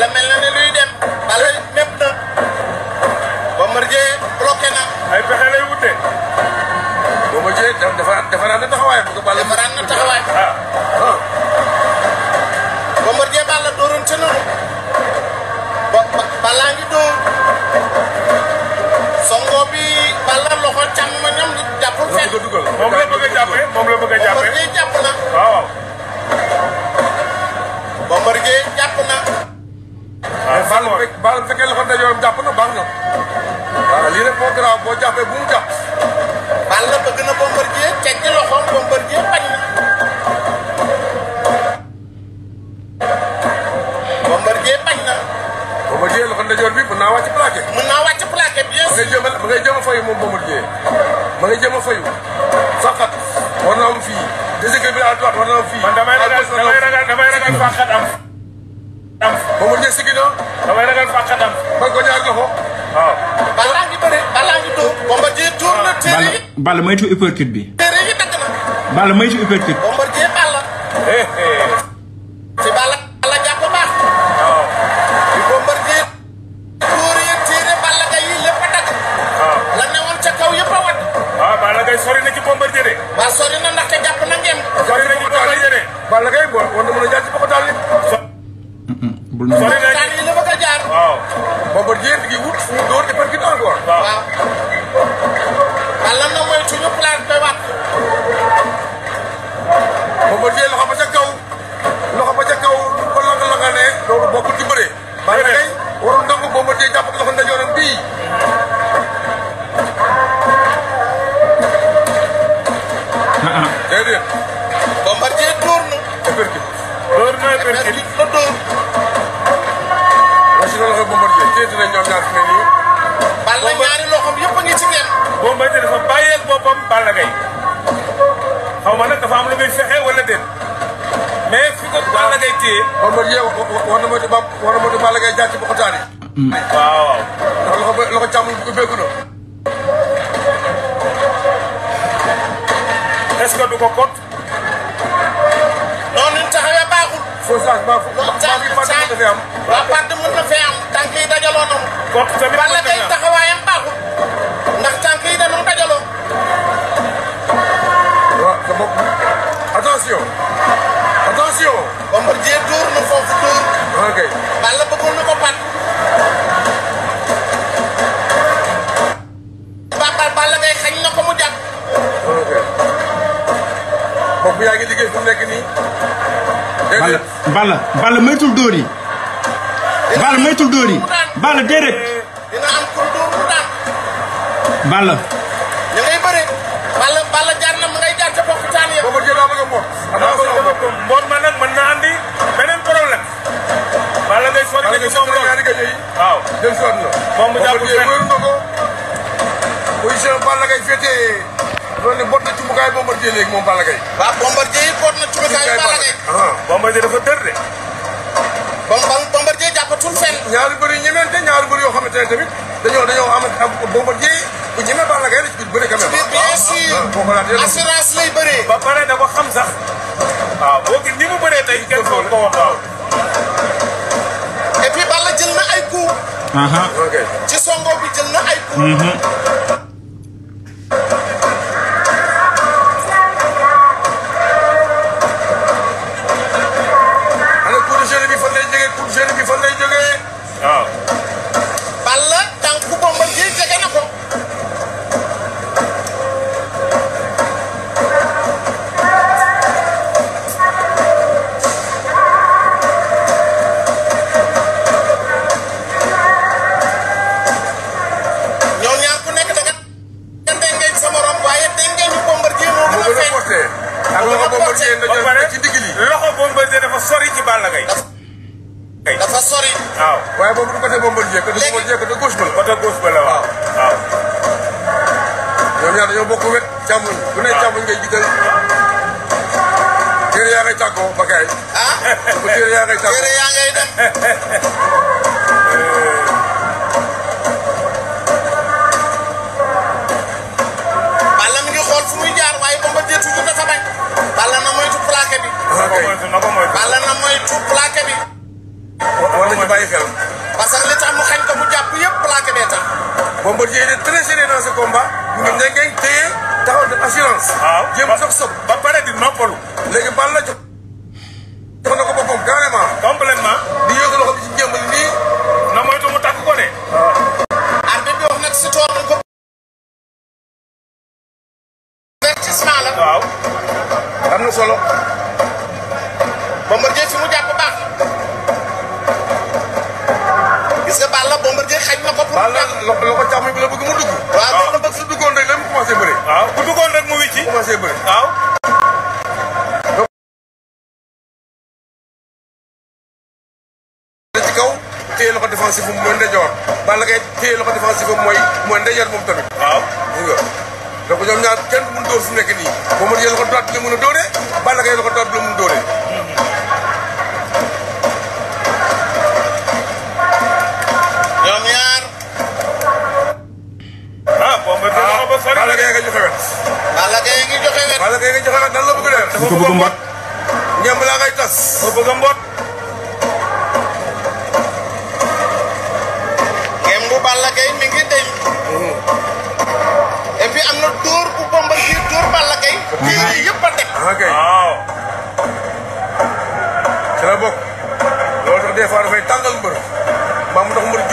la mel na ne luy dem bala mépp na Bombardier bloqué na. ay pexe lay wute. Bombardier dafa defaraan na taxawaayam. defaraan na taxawaayam. ah Bombardier bala dooroon ca noonu. ba bala ngi dóor. songo bi bala loxo càmmoñam jàppul fenn. moom la bëgg a jàppee moom la bëgg a jàppee Bombardier jàpp na. waaw. Bombardier jàpp na. baalu bu fekkee loxo ndeyjooram jàpp na baax na waaw lii rek moo garaaw boo jàppee bu mu jàpp. baal la bëgg na Bombardier teg ci loxoom Bombardier bañ na. Bombardier bañ na. Bombardier loxo ndeyjoor bi mën naa wàcc plaqué. mën naa wàcc plaqué bien sûr. ma ngay jéem a ma ngay jéem a fayu moom Bombardier ma ngay jéem a fayu faqat war na am fii déséquilibre à droite war na am fii. man damay ragal damay ragal damay ragal faqat am. moom it nga sigi noonu. damay ragal fàqadam. man ko ñaar nga fo. waaw. balaa ngi bëre balaa ngi yi. Balla moytu bi. téere yi dagg na. Balla moytu uppercut. Bombardier Balla. ci Balla Balla yi lépp a dagg. waaw la newoon ca kaw yëpp a wadd. waaw Balla Gaye sori na ci jàpp na ngeen. sori na ci Bombardier de. Balla Gaye boo na mën Yes. xamante ne dafa bàyyeeg boppam Balla Gaye xaw ma nag dafa am lu muy fexe wala déet mais fi ko Balla Gaye téye. war ma yee war na ma di ba war na ma di Balla Gaye jaar ci boxotaan yi. waaw waaw. ndax loxo loxo càmmoñ ubbeeku na. est-ce que ko kot. noonu ñu baaxul. foofu sax maa fu maa fi pàtte mën na am. waaw pàtte mën na fee am tànk yi dajaloo noonu. Balla Gaye taxawaayam baaxul ndax tànk attention. attention. Balla Balla Balla ngay xañ ko mu jàpp. ok mbokk yaa ngi liggéey fu mu nekk nii. dégg Balla Balla moytul dóor yi. Balla moytul dóor yi. Balla déedéet. Balla. mboot ma nag mën na andi beneen problème. Balla Gaye sori nga ci moom lool waaw dem si waat na. moom mu jàpp fenn wër na ko. position Balla Gaye féetee loolu ne bot na cumukaay Bombardier léegi moom Balla Gaye. waaw Bombardier yi bot na cumukaay Balla Gaye. Bombardier dafa dër de. Bombardier jàppatul fenn. ñaari bëri yu ñemeente ñaari bëri yoo xamante ne tamit dañoo dañoo am ak Bombardier bu ñemee Balla Gaye la ci biir bëri quand même. bien sûr assurance lay bëree. ba pare da ko xam sax. waaw boo gis ni mu bëree tey kenn ko woon waaw. et puis Balla ay coups. ci songo bi jël na ay coups. Mhm. waaw waaye boobu du côté Bombardier côté Bombardier côté gauche ba la. côté gauche ba la waaw waaw. ne càmmoñ ngay jiital. téere yaa ah. yaa ngay tàggoo téere yaa ngi xool fu muy jaar waaye Bombardier toujours dafa bañ. Balla na moytu plaqué bi. bàyyi xel parce que li tax mu xañ ko mu jàpp yëpp plaqué bee tax. Bombardier est très serré dans ce combat. waaw ñun dañ koy téye taxaw assurance. waaw jéem a soog soog ba pare di noppalu. léegi bal la jox. loxo càmmoñ bi la bëgg mu dugg. waaw loxo ah, nag su duggoon rek la mu commencé bëre. waaw bu duggoon rek mu wicci. commencé bëre waaw. ci kaw téye loxo défensif mooy ndejoor Balla Gaye téye loxo défensif mooy mooy ndejoor moom tamit. waaw dégg nga donc ñaar kenn mun dóor fu nekk nii. boo ma jëlee loxo droite bi nga a dóor Gay mi ngi dëñ. et puis am na dóor bu Bombardier dóor Balla Gay. téere yëpp a teg. ok waaw. ci la bokk. loolu tax des fois dafay tàngal mbër. mbaa mu tax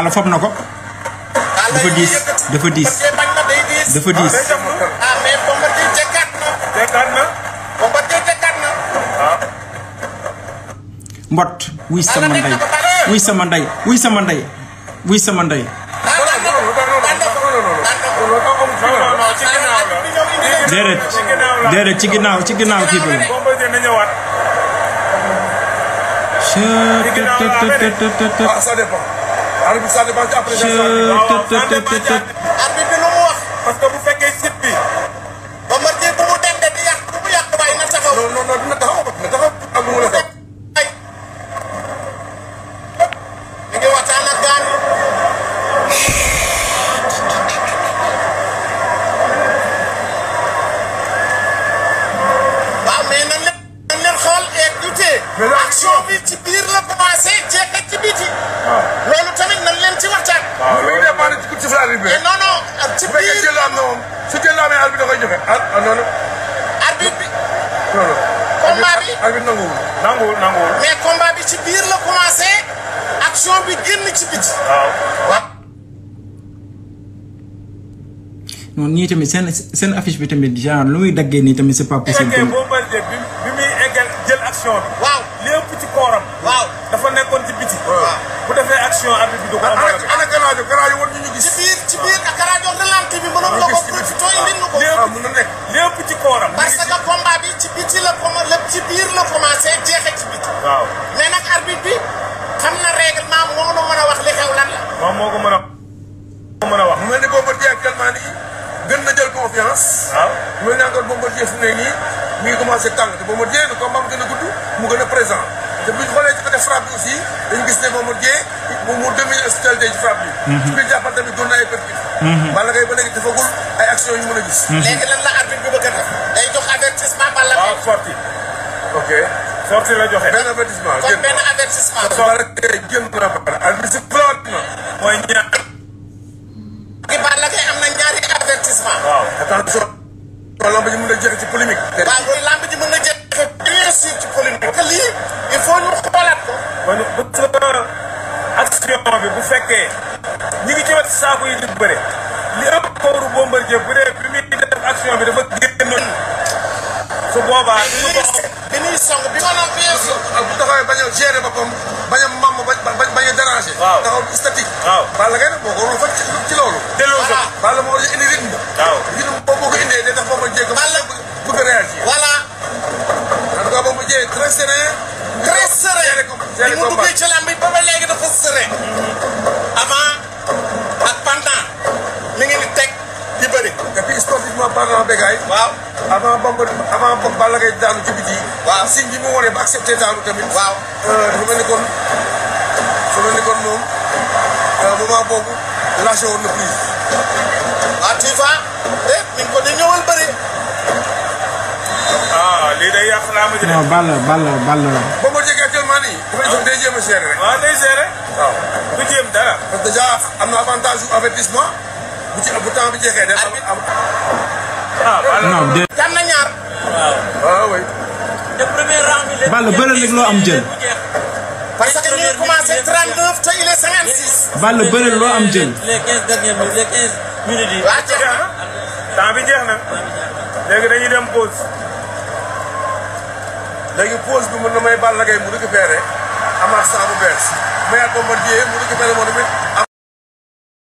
Talla fob na ko. dafa diis dafa diis dafa diis. sama ndey wuy sama ndey ci ginnaaw ci ginnaaw kii arbitre bi sànni baal ci appréciation bi. waaw waaw sànni baal ci arbitre bi lu mu wax. parce que bu fekkee site bi. ba ma ji bu mu dem de di yàq bu mu yàq waaye na taxaw. non non non dina taxaw dina taxaw ak lu mu la def. ñu ngi waxtaan ak gaan waaw mais nan leen nan leen xool et action bi ci biir la commencé ci biti. waaw ah. loolu tamit nan leen ci waxtaan. Ah, loolu yëpp eh, su jël amee arbitre da koy joxe ah, ah bi. combat bi ci biir la commencé action bi génn ci biti. waaw. noonu tamit seen seen bi tamit genre lu muy daggee nii tamit c'est pas possible. bu fekkee boo jël action bi. waaw lépp ci kooram. waaw. dafa nekkoon ci biti. bu defee action arbitre bi du ko am. ana garaajo garaajo war ñu gis. ci biir ci biir ak garaajo ralenti bi mënoon nga ko profité indil ñu ko. Ah, mun na nekk lépp ci kooram. parce que combat bi ci biti la commen lépp ci biir la commencé jeexee ci biti. waaw mais nag arbitre bi xam na règlement moo la mën a wax li xew lan la. moom moo ko mën a. moo ko mën a wax. mu mel ni Bombardier actuellement nii gën na jël confiance. waaw mu mel ni encore Bombardier fu mu ne nii mi ngi commencé tàng te Bombardier bi combat mu gën a gudd mu gën a présent te bu ñu xoolee jàppante frappe bi aussi dañu gis ne Bombardier Dieng mu domine spécialité ci frappe bi. Mhm. su ñu jàppante tamit doon na ay percute. Mhm. Balla Gaye ba léegi defagul ay action yu ñu mën a gis. Mhm. léegi lan la arbitre bi bëgg a def day jox avertissement Balla Gaye. waaw ah, sorti ok sorti la joxe. benn avertissement kon benn avertissement. Balla Gaye génn na pare arbitre bi la mooy ñaar. Balla Gaye am na ñaari avertissement. waaw attention. waaw lamb ji mën na jeex ci polémique. waaw loolu lamb ji mën na jeex bien sûr ci polémique. parce que lii il faut ñu xoolaat kon bu sa action bi bu fekkee ñi ngi ci wet saako yi di bëre li ëpp kooru Bombardier primeiro dee bi muy def action bi dafa génnoon su boobaa duñu ko bi ñuy a gérer boppam bañ a mam bañ bañ a déranger waaw taxaw o waaw Balla Gaye nag boo ko waroon faj ci loolu delloo sa Balla moo war a indi rythme waaw rythme boobu boo ko voilà en tout cas bi mu duggee ci lamb ba ba léegi dafa sëre avant ak pendant mi ngi ni teg di bëri. et puis sportivement parlant Bécaye. waaw avant Bamba avant daanu ci biti. waaw signe mu wane ba accepté daanu tamit. waaw euh, dafa mel ni kon dafa mel euh, boobu lâché woon na prise. waaw tu vois ko di ñëwal bëri. Ah, lii day yàq laa ma jëlee. non Balla Balla Balla. yi. dafay jéem a am na avantage bu avertissement bu ci bu temps ah, na ñaar. waaw waaw ah, oui. te loo am jël. parce que ñu ngi commencé 39 te il est loo am jël. les bi jeex na. léegi pause bi mën na may Balla Gaye mu récupéré amaat saa bu bees mayaat Bombardier mu récupéré moom tamit